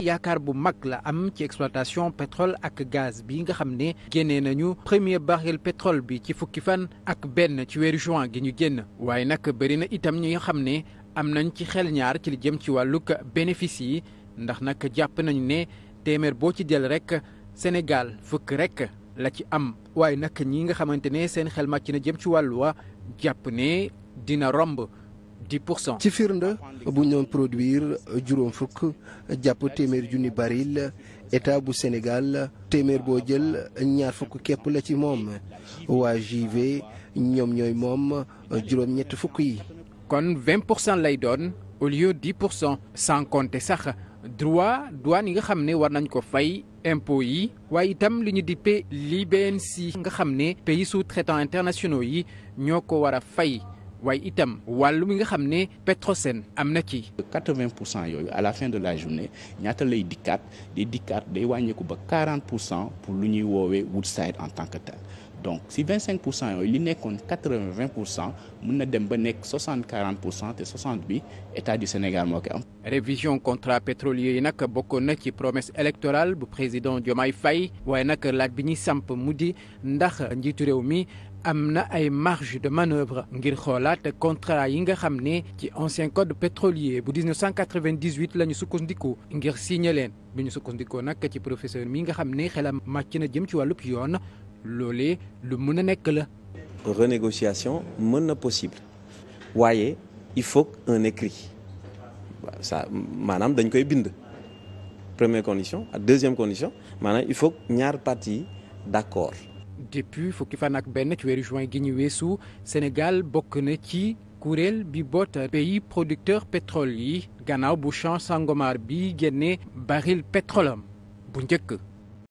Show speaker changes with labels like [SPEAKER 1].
[SPEAKER 1] yaakaar bu mag la am ci exploitation pétrole ak gaz bi nga xam ne génnee nañu premier baril pétrole bi ci fukki fan ak benn ci weeru juin gi ñu génn waaye nag bëri na itam ñi nga xam ne am nañ ci xel ñaar ci li jëm ci wàllug bénéfice yi ndax nag jàpp nañu ne téeméer boo ci jël rek Sénégal fukk rek la ci am waaye nag ñi nga xamante ne seen xel màcc na jëm ci wàllu wa jàpp ne dina romb dix pour cent.
[SPEAKER 2] ci firnde bu ñoon produire juróom fukk jàpp téeméer junni baril état bu Sénégal téeméer boo jël ñaar fukk képp la ci moom waa JV ñoom ñooy moom juróom ñett fukk yi.
[SPEAKER 1] kon vingt pour cent lay doon au lieu dix pour sax droit douane yi nga xam ne war nañ ko fay. impôts yi waaye itam li ñu dippee l'IBNC nga xam ne pays sous-traitants yi ñoo ko war a fay waaye itam wàllu mi nga xam ne Petrosen am na ci. 80 pour cent yooyu à la fin de la journée ñaata
[SPEAKER 3] lay dikkaat day dikkaat day wàññeeku ba 40 pour cent pour lu ñuy woowee Woodside en tant que tel. donc si 25 pour yooyu li nekkoon 80 pour cent mën na dem ba nekk 60 pour cent te bi état du Sénégal moo koy am.
[SPEAKER 1] révision contrat pétrolier yi nag bokkoon na ci promesse électorale bu président Diomaye fay waaye nag laaj bi ñuy samp mu di ndax njiitu réew mi am na ay marge de manœuvre ngir xoolaat contrat yi nga xam ne ci ancien code pétrolier bu 1998 la ñu sukkandiku ngir signé leen bi ñu sukkandikoo nag ci professeur mi nga xam ne xelam màcc na jëm ci wàllub yoon loolee lu mën a nekk la.
[SPEAKER 4] renégociation mën na possible waaye il faut un écrit ça maanaam dañ koy bind première condition ak deuxième condition maanaam il faut ñaar parties d'accord.
[SPEAKER 1] depuis fukki fan ak benn ci weeru juin gi ñu weesu Sénégal bokk na ci kuréel bi boot pays producteur petrole yi gannaaw bu Champ Sangomar bi génnee baril pétrole bu njëkk